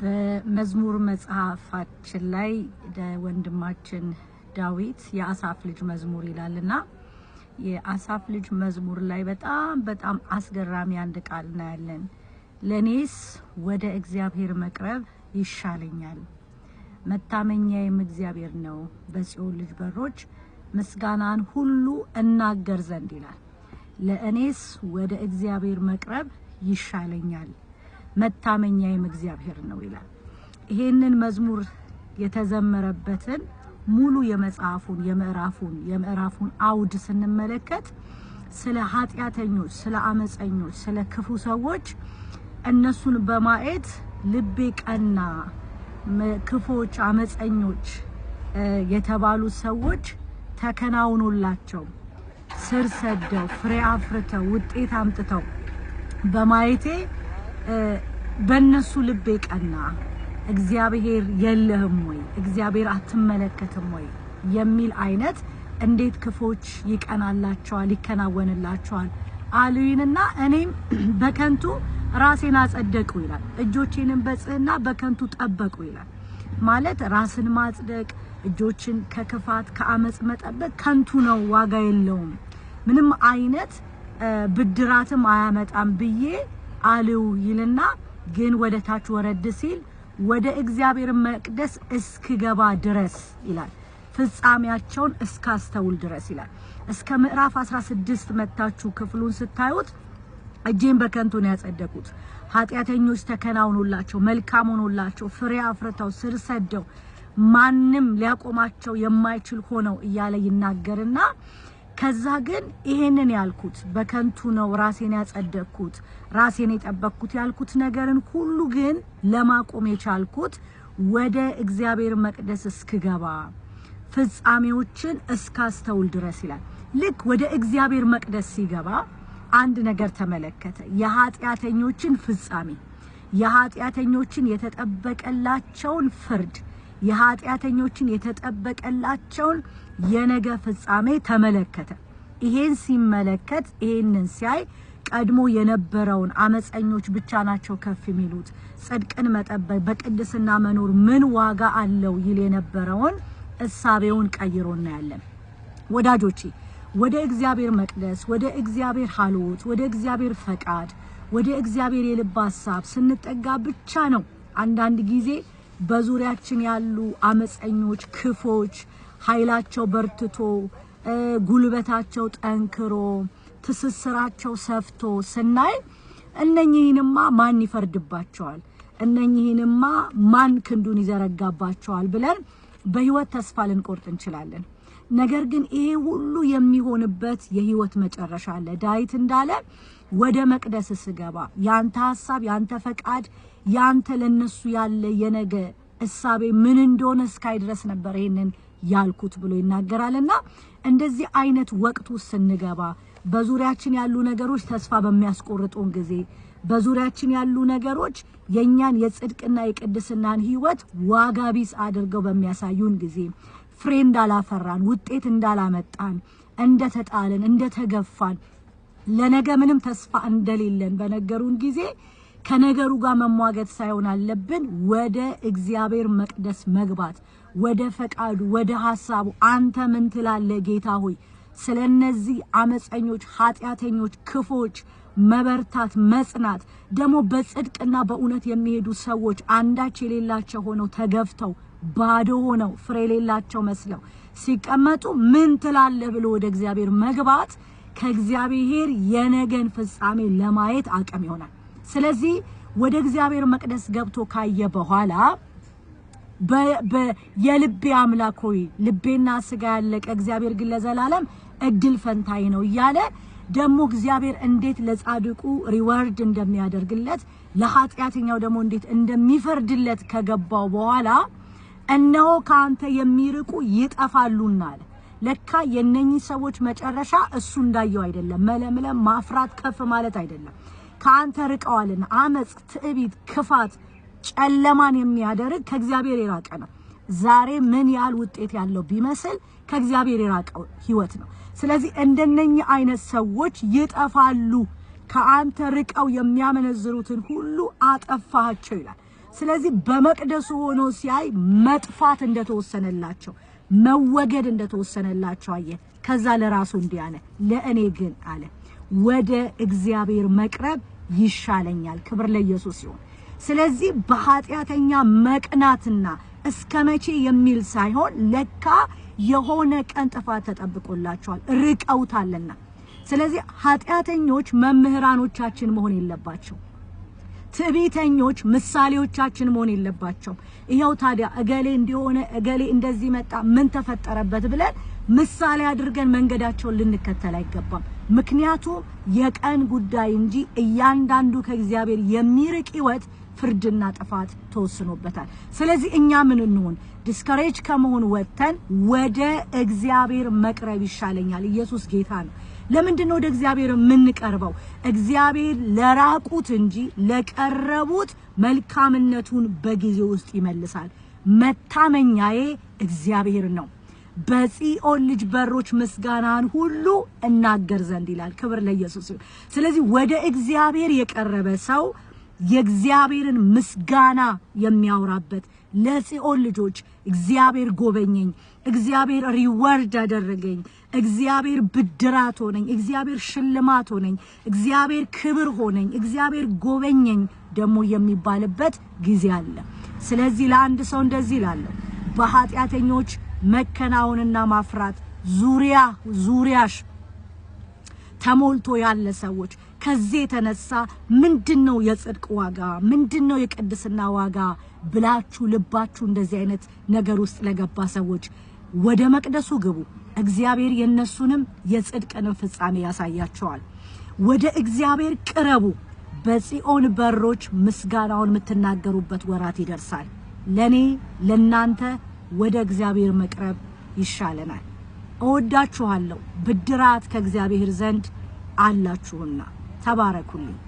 በመዝሙር መጽሐፋችን ላይ ወንድማችን ዳዊት የአሳፍ ልጅ መዝሙር ይላል እና የአሳፍ ልጅ መዝሙር ላይ በጣም በጣም አስገራሚ አንድ ቃል እናያለን። ለእኔስ ወደ እግዚአብሔር መቅረብ ይሻለኛል፣ መታመኛዬም እግዚአብሔር ነው፣ በጽዮን ልጅ በሮች ምስጋናን ሁሉ እናገር ዘንድ ይላል። ለእኔስ ወደ እግዚአብሔር መቅረብ ይሻለኛል መታመኛዬም እግዚአብሔር ነው ይላል። ይሄንን መዝሙር የተዘመረበትን ሙሉ የመጽሐፉን የምዕራፉን የምዕራፉን አውድ ስንመለከት ስለ ኃጢአተኞች፣ ስለ አመፀኞች፣ ስለ ክፉ ሰዎች እነሱን በማየት ልቤ ቀና፣ ክፎች፣ አመፀኞች የተባሉ ሰዎች ተከናውኖላቸው ስር ሰደው ፍሬ አፍርተው ውጤት አምጥተው በማየቴ በእነሱ ልብ ቀና እግዚአብሔር የለህም ወይ እግዚአብሔር አትመለከትም ወይ የሚል አይነት እንዴት ክፎች ይቀናላቸዋል ይከናወንላቸዋል አሉይንና እኔም በከንቱ ራሴን አጸደቁ ይላል። እጆቼንም በጽህና በከንቱ ጠበቁ ይላል። ማለት ራስን ማጽደቅ እጆችን ከክፋት ከአመፅ መጠበቅ ከንቱ ነው፣ ዋጋ የለውም፣ ምንም አይነት ብድራትም አያመጣም ብዬ አልው ይልና ግን ወደ ታች ወረድ ሲል ወደ እግዚአብሔር መቅደስ እስክገባ ድረስ ይላል ፍጻሜያቸውን እስካስተውል ድረስ ይላል። እስከ ምዕራፍ 16 መታችሁ ክፍሉን ስታዩት እጄን በከንቱ ነው ያጸደቁት፣ ኃጢአተኞች ተከናውኖላቸው፣ መልካም ሆኖላቸው፣ ፍሬ አፍርተው፣ ስር ሰደው፣ ማንም ሊያቆማቸው የማይችል ሆነው እያለ ይናገርና ከዛ ግን ይሄንን ያልኩት በከንቱ ነው ራሴን ያጸደቅኩት ራሴን የጠበቅኩት ያልኩት ነገርን ሁሉ ግን ለማቆም የቻልኩት ወደ እግዚአብሔር መቅደስ እስክገባ ፍጻሜዎችን እስካስተውል ድረስ ይላል። ልክ ወደ እግዚአብሔር መቅደስ ሲገባ አንድ ነገር ተመለከተ። የኃጢአተኞችን ፍጻሜ፣ የኃጢአተኞችን የተጠበቀላቸውን ፍርድ የኃጢአተኞችን የተጠበቀላቸውን የነገ ፍጻሜ ተመለከተ። ይሄን ሲመለከት ይሄንን ሲያይ ቀድሞ የነበረውን አመፀኞች ብቻ ናቸው ከፍ የሚሉት፣ ጽድቅን መጠበቅ በቅድስና መኖር ምን ዋጋ አለው ይል የነበረውን እሳቤውን ቀይሮ እናያለን። ወዳጆቼ ወደ እግዚአብሔር መቅደስ፣ ወደ እግዚአብሔር ሀልዎት፣ ወደ እግዚአብሔር ፈቃድ፣ ወደ እግዚአብሔር የልብ ሀሳብ ስንጠጋ ብቻ ነው አንዳንድ ጊዜ በዙሪያችን ያሉ አመፀኞች፣ ክፎች ኃይላቸው በርትቶ ጉልበታቸው ጠንክሮ ትስስራቸው ሰፍቶ ስናይ እነኚህንማ ማን ይፈርድባቸዋል? እነኚህንማ ማን ክንዱን ይዘረጋባቸዋል? ብለን በህይወት ተስፋ ልንቆርጥ እንችላለን። ነገር ግን ይሄ ሁሉ የሚሆንበት የህይወት መጨረሻ አለ። ዳዊት እንዳለ ወደ መቅደስ ስገባ ያንተ ሀሳብ፣ ያንተ ፈቃድ፣ ያንተ ለነሱ ያለ የነገ እሳቤ ምን እንደሆነ እስካይ ድረስ ነበር ይሄንን ያልኩት ብሎ ይናገራልና እንደዚህ አይነት ወቅቱ ስንገባ በዙሪያችን ያሉ ነገሮች ተስፋ በሚያስቆርጡን ጊዜ በዙሪያችን ያሉ ነገሮች የእኛን የጽድቅና የቅድስናን ህይወት ዋጋ ቢስ አድርገው በሚያሳዩን ጊዜ ፍሬ እንዳላፈራን፣ ውጤት እንዳላመጣን፣ እንደተጣለን እንደተገፋን፣ ለነገ ምንም ተስፋ እንደሌለን በነገሩን ጊዜ ከነገሩ ጋር መሟገት ሳይሆን አለብን ወደ እግዚአብሔር መቅደስ መግባት ወደ ፈቃዱ ወደ ሀሳቡ አንተ ምን ትላለህ ጌታ ሆይ ስለ እነዚህ አመፀኞች፣ ኃጢአተኞች፣ ክፎች መበርታት መጽናት ደግሞ በጽድቅና በእውነት የሚሄዱ ሰዎች አንዳች የሌላቸው ሆነው ተገፍተው ባዶ ሆነው ፍሬ የሌላቸው መስለው ሲቀመጡ ምን ትላለህ ብሎ ወደ እግዚአብሔር መግባት ከእግዚአብሔር የነገን ፍጻሜ ለማየት አቅም ይሆናል። ስለዚህ ወደ እግዚአብሔር መቅደስ ገብቶ ካየ በኋላ የልቤ አምላክ ሆይ ልቤና ስጋ ያለቀ እግዚአብሔር ግን ለዘላለም እድል ፈንታይ ነው እያለ ደግሞ እግዚአብሔር እንዴት ለጻድቁ ሪዋርድ እንደሚያደርግለት ለኃጢአተኛው ደግሞ እንዴት እንደሚፈርድለት ከገባው በኋላ እነሆ ከአንተ የሚርቁ ይጠፋሉና አለ። ለካ የነኚህ ሰዎች መጨረሻ እሱ እንዳየው አይደለም። መለምለም፣ ማፍራት፣ ከፍ ማለት አይደለም። ከአንተ ርቀዋልና አመፅ፣ ትዕቢት፣ ክፋት፣ ጨለማን የሚያደርግ ከእግዚአብሔር የራቀ ነው። ዛሬ ምን ያህል ውጤት ያለው ቢመስል ከእግዚአብሔር የራቀው ህይወት ነው። ስለዚህ እንደነኚህ አይነት ሰዎች ይጠፋሉ። ከአንተ ርቀው የሚያመነዝሩትን ሁሉ አጠፋቸው ይላል። ስለዚህ በመቅደሱ ሆኖ ሲያይ መጥፋት እንደተወሰነላቸው መወገድ እንደተወሰነላቸው አየ። ከዛ ለራሱ እንዲህ አለ፣ ለእኔ ግን አለ ወደ እግዚአብሔር መቅረብ ይሻለኛል። ክብር ለኢየሱስ ይሁን። ስለዚህ በኃጢአተኛ መቅናትና እስከ መቼ የሚል ሳይሆን ለካ የሆነ ቀን ጥፋት ተጠብቆላቸዋል፣ ርቀውታልና። ስለዚህ ኃጢአተኞች መምህራኖቻችን መሆን የለባቸው ትዕቢተኞች ምሳሌዎቻችን መሆን የለባቸውም። ይኸው ታዲያ እገሌ እንዲሆነ እገሌ እንደዚህ መጣ ምን ተፈጠረበት ብለን ምሳሌ አድርገን መንገዳቸውን ልንከተል አይገባም። ምክንያቱም የቀን ጉዳይ እንጂ እያንዳንዱ ከእግዚአብሔር የሚርቅ ህይወት ፍርድና ጥፋት ተወስኖበታል። ስለዚህ እኛ ምን እንሆን? ዲስከሬጅ ከመሆን ወጥተን ወደ እግዚአብሔር መቅረብ ይሻለኛል። ኢየሱስ ጌታ ነው። ለምንድን ነው ወደ እግዚአብሔር የምንቀርበው? እግዚአብሔር ለራቁት እንጂ ለቀረቡት መልካምነቱን በጊዜ ውስጥ ይመልሳል። መታመኛዬ እግዚአብሔር ነው። በጽዮን ልጅ በሮች ምስጋናን ሁሉ እናገር ዘንድ ይላል። ክብር ለኢየሱስ ስለዚህ ወደ እግዚአብሔር የቀረበ ሰው የእግዚአብሔርን ምስጋና የሚያወራበት ለጽዮን ልጆች እግዚአብሔር ጎበኘኝ፣ እግዚአብሔር ሪወርድ አደረገኝ፣ እግዚአብሔር ብድራት ሆነኝ፣ እግዚአብሔር ሽልማት ሆነኝ፣ እግዚአብሔር ክብር ሆነኝ፣ እግዚአብሔር ጎበኘኝ ደግሞ የሚባልበት ጊዜ አለ። ስለዚህ ለአንድ ሰው እንደዚህ ይላለሁ፣ በኃጢአተኞች መከናወንና ማፍራት ዙሪያ ዙሪያሽ ተሞልቶ ያለ ሰዎች ከዚህ የተነሳ ምንድን ነው የጽድቅ ዋጋ? ምንድን ነው የቅድስና ዋጋ ብላችሁ ልባችሁ እንደዚህ አይነት ነገር ውስጥ ለገባ ሰዎች ወደ መቅደሱ ግቡ። እግዚአብሔር የነሱንም የጽድቅንም ፍጻሜ ያሳያቸዋል። ወደ እግዚአብሔር ቅረቡ። በጽዮን በሮች ምስጋናውን የምትናገሩበት ወራት ይደርሳል። ለኔ ለናንተ ወደ እግዚአብሔር መቅረብ ይሻለናል። እወዳችኋለሁ። ብድራት ከእግዚአብሔር ዘንድ አላችሁና 잡아라 굴리